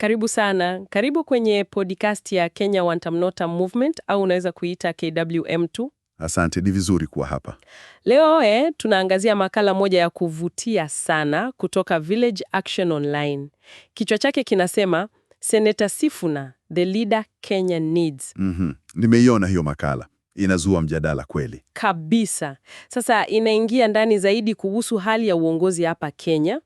Karibu sana, karibu kwenye podcast ya Kenya Wantamnotam Movement au unaweza kuita KWM 2 Asante, ni vizuri kuwa hapa leo. Eh, tunaangazia makala moja ya kuvutia sana kutoka Village Action Online. Kichwa chake kinasema Seneta Sifuna, the leader Kenya needs. Mm -hmm. Nimeiona hiyo makala inazua mjadala kweli kabisa. Sasa inaingia ndani zaidi kuhusu hali ya uongozi hapa Kenya.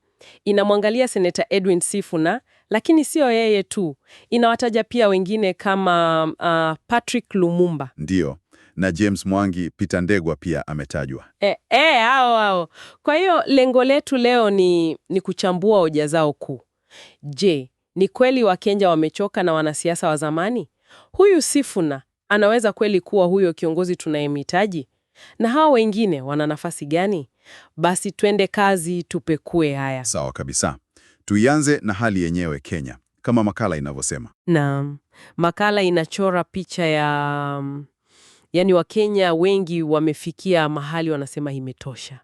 Inamwangalia Seneta Edwin Sifuna lakini siyo yeye tu, inawataja pia wengine kama uh, Patrick Lumumba ndio na James Mwangi, Peter Ndegwa pia ametajwa. E, e, hao ao. Kwa hiyo lengo letu leo ni, ni kuchambua hoja zao kuu. Je, ni kweli Wakenya wamechoka na wanasiasa wa zamani? Huyu Sifuna anaweza kweli kuwa huyo kiongozi tunayemhitaji? Na hawa wengine wana nafasi gani? Basi twende kazi, tupekue haya. Sawa kabisa. Tuianze na hali yenyewe Kenya, kama makala inavyosema. Naam, makala inachora picha ya yaani, Wakenya wengi wamefikia mahali wanasema imetosha.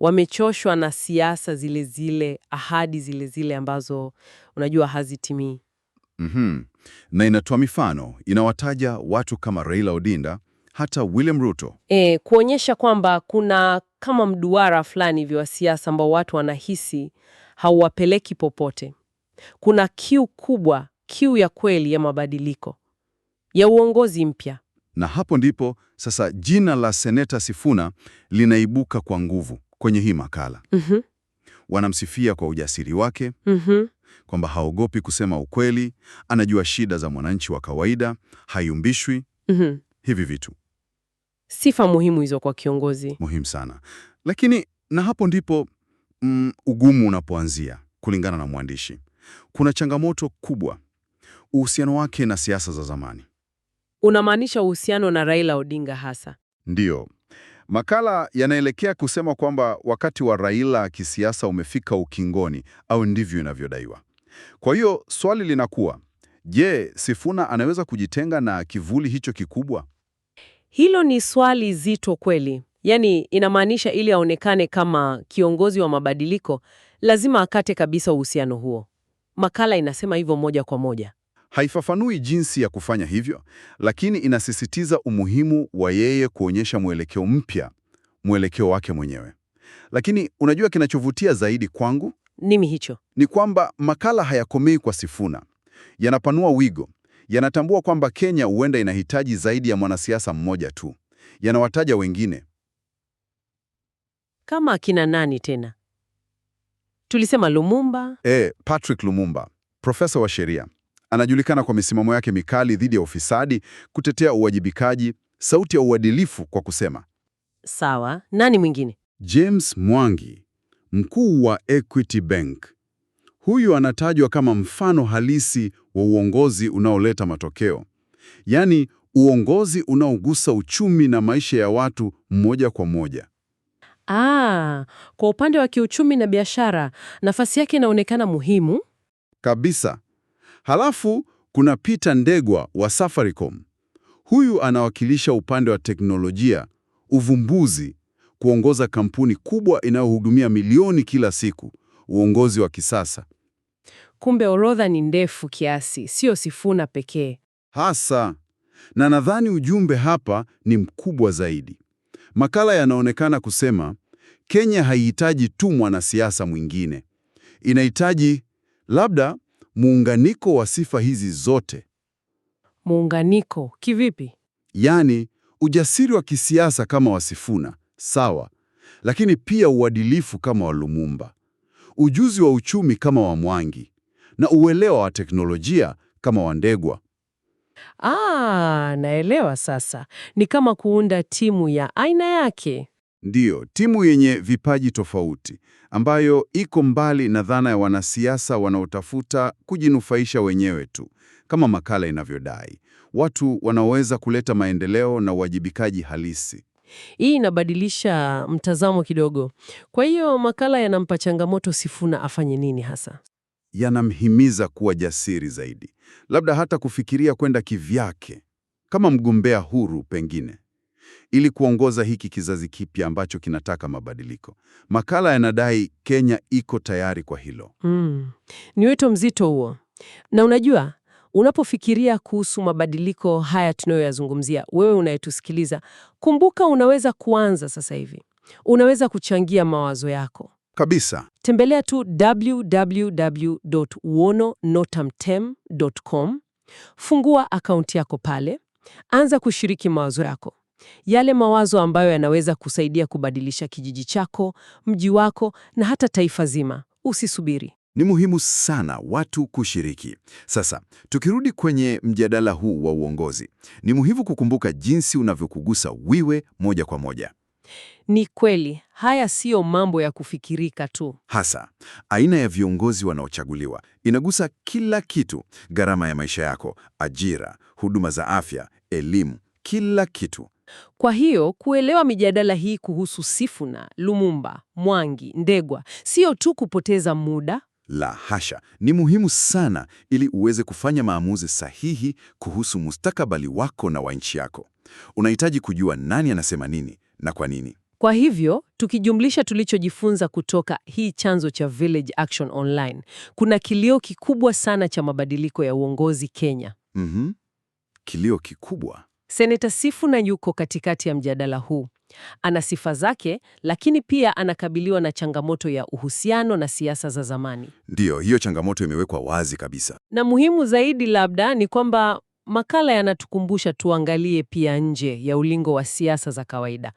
Wamechoshwa na siasa zile zile, ahadi zile zile ambazo unajua hazitimii. Mm -hmm. Na inatoa mifano, inawataja watu kama Raila Odinga hata William Ruto. E, kuonyesha kwamba kuna kama mduara fulani hivi wa siasa ambao watu wanahisi hauwapeleki popote. Kuna kiu kubwa, kiu ya kweli ya mabadiliko, ya uongozi mpya. Na hapo ndipo sasa jina la Seneta Sifuna linaibuka kwa nguvu kwenye hii makala. mm -hmm. Wanamsifia kwa ujasiri wake, mm -hmm. kwamba haogopi kusema ukweli, anajua shida za mwananchi wa kawaida, hayumbishwi. mm -hmm. Hivi vitu sifa muhimu hizo kwa kiongozi, muhimu sana. Lakini na hapo ndipo mm, ugumu unapoanzia kulingana na mwandishi. Kuna changamoto kubwa, uhusiano wake na siasa za zamani. Unamaanisha uhusiano na Raila Odinga hasa? Ndiyo. Makala yanaelekea kusema kwamba wakati wa Raila kisiasa umefika ukingoni, au ndivyo inavyodaiwa. Kwa hiyo swali linakuwa, je, Sifuna anaweza kujitenga na kivuli hicho kikubwa? Hilo ni swali zito kweli. Yaani inamaanisha ili aonekane kama kiongozi wa mabadiliko, lazima akate kabisa uhusiano huo. Makala inasema hivyo moja kwa moja. Haifafanui jinsi ya kufanya hivyo, lakini inasisitiza umuhimu wa yeye kuonyesha mwelekeo mpya, mwelekeo wake mwenyewe. Lakini unajua kinachovutia zaidi kwangu nimi hicho ni kwamba makala hayakomei kwa Sifuna, yanapanua wigo, yanatambua kwamba Kenya huenda inahitaji zaidi ya mwanasiasa mmoja tu, yanawataja wengine kama akina nani tena? Tulisema Lumumba. E, Patrick Lumumba, profesa wa sheria, anajulikana kwa misimamo yake mikali dhidi ya ufisadi, kutetea uwajibikaji, sauti ya uadilifu kwa kusema. Sawa, nani mwingine? James Mwangi, mkuu wa Equity Bank. Huyu anatajwa kama mfano halisi wa uongozi unaoleta matokeo, yaani uongozi unaogusa uchumi na maisha ya watu moja kwa moja. Ah, kwa upande wa kiuchumi na biashara, nafasi yake inaonekana muhimu kabisa. Halafu kuna Peter Ndegwa wa Safaricom. Huyu anawakilisha upande wa teknolojia, uvumbuzi, kuongoza kampuni kubwa inayohudumia milioni kila siku, uongozi wa kisasa. Kumbe orodha ni ndefu kiasi, sio Sifuna pekee hasa, na nadhani ujumbe hapa ni mkubwa zaidi. Makala yanaonekana kusema Kenya haihitaji tu mwanasiasa mwingine, inahitaji labda muunganiko wa sifa hizi zote. Muunganiko kivipi? Yaani ujasiri wa kisiasa kama wa Sifuna, sawa, lakini pia uadilifu kama wa Lumumba, ujuzi wa uchumi kama wa Mwangi na uelewa wa teknolojia kama wa Ndegwa. Ah, naelewa sasa. Ni kama kuunda timu ya aina yake. Ndiyo, timu yenye vipaji tofauti ambayo iko mbali na dhana ya wanasiasa wanaotafuta kujinufaisha wenyewe tu, kama makala inavyodai, watu wanaoweza kuleta maendeleo na uwajibikaji halisi. Hii inabadilisha mtazamo kidogo. Kwa hiyo makala yanampa changamoto Sifuna afanye nini hasa? yanamhimiza kuwa jasiri zaidi, labda hata kufikiria kwenda kivyake kama mgombea huru pengine, ili kuongoza hiki kizazi kipya ambacho kinataka mabadiliko. Makala yanadai Kenya iko tayari kwa hilo. Mm. Ni wito mzito huo, na unajua unapofikiria kuhusu mabadiliko haya tunayoyazungumzia, wewe unayetusikiliza, kumbuka, unaweza kuanza sasa hivi. Unaweza kuchangia mawazo yako. Kabisa. Tembelea tu www.uononotamtem.com, fungua akaunti yako pale, anza kushiriki mawazo yako, yale mawazo ambayo yanaweza kusaidia kubadilisha kijiji chako, mji wako na hata taifa zima. Usisubiri. Ni muhimu sana watu kushiriki. Sasa tukirudi kwenye mjadala huu wa uongozi, ni muhimu kukumbuka jinsi unavyokugusa wiwe moja kwa moja. Ni kweli, haya siyo mambo ya kufikirika tu. Hasa aina ya viongozi wanaochaguliwa inagusa kila kitu: gharama ya maisha yako, ajira, huduma za afya, elimu, kila kitu. Kwa hiyo kuelewa mijadala hii kuhusu Sifuna, Lumumba, Mwangi, Ndegwa sio tu kupoteza muda. La hasha, ni muhimu sana ili uweze kufanya maamuzi sahihi kuhusu mustakabali wako na wa nchi yako. Unahitaji kujua nani anasema nini, na kwa nini. Kwa hivyo tukijumlisha tulichojifunza kutoka hii chanzo cha Village Action Online, kuna kilio kikubwa sana cha mabadiliko ya uongozi Kenya. mm -hmm. Kilio kikubwa. Seneta Sifuna yuko katikati ya mjadala huu. Ana sifa zake, lakini pia anakabiliwa na changamoto ya uhusiano na siasa za zamani. Ndiyo, hiyo changamoto imewekwa wazi kabisa, na muhimu zaidi labda ni kwamba makala yanatukumbusha tuangalie pia nje ya ulingo wa siasa za kawaida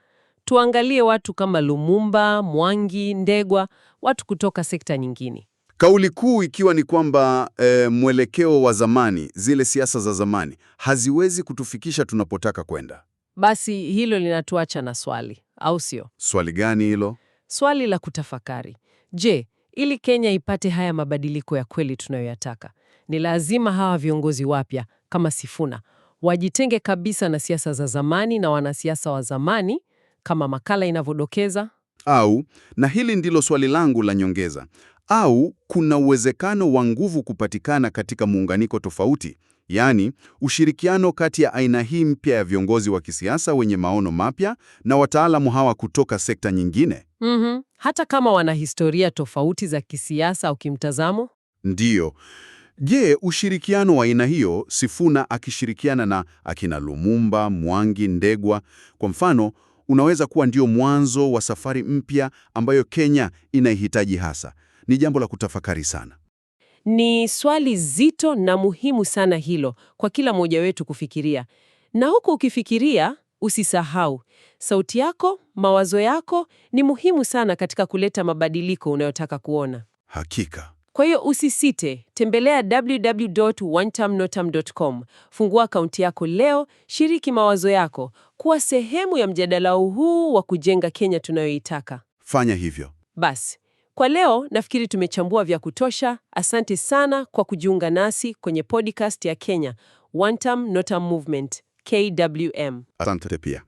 tuangalie watu kama Lumumba, Mwangi, Ndegwa, watu kutoka sekta nyingine. Kauli kuu ikiwa ni kwamba e, mwelekeo wa zamani, zile siasa za zamani haziwezi kutufikisha tunapotaka kwenda. Basi hilo linatuacha na swali, au sio? Swali gani hilo? Swali la kutafakari. Je, ili Kenya ipate haya mabadiliko ya kweli tunayoyataka, ni lazima hawa viongozi wapya kama Sifuna wajitenge kabisa na siasa za zamani na wanasiasa wa zamani, kama makala inavyodokeza? Au, na hili ndilo swali langu la nyongeza, au kuna uwezekano wa nguvu kupatikana katika muunganiko tofauti, yaani ushirikiano kati ya aina hii mpya ya viongozi wa kisiasa wenye maono mapya na wataalamu hawa kutoka sekta nyingine? Mm -hmm. Hata kama wana historia tofauti za kisiasa au kimtazamo? Ndiyo. Je, ushirikiano wa aina hiyo, Sifuna akishirikiana na akina Lumumba, Mwangi, Ndegwa kwa mfano unaweza kuwa ndio mwanzo wa safari mpya ambayo Kenya inaihitaji hasa. Ni jambo la kutafakari sana. Ni swali zito na muhimu sana hilo kwa kila mmoja wetu kufikiria. Na huku ukifikiria, usisahau sauti yako, mawazo yako ni muhimu sana katika kuleta mabadiliko unayotaka kuona. Hakika. Kwa hiyo usisite, tembelea www.wantamnotam.com. fungua akaunti yako leo, shiriki mawazo yako, kuwa sehemu ya mjadala huu wa kujenga Kenya tunayoitaka. Fanya hivyo basi. Kwa leo nafikiri tumechambua vya kutosha. Asante sana kwa kujiunga nasi kwenye podcast ya Kenya Wantam Notam Movement KWM. Asante pia.